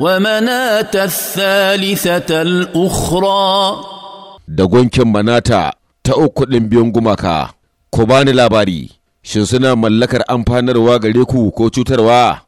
ومناة الثالثة الأخرى da gunkin manata ta uku ɗin biyun gumaka, ku bani labari, shin suna mallakar amfanarwa gare ku ko cutarwa?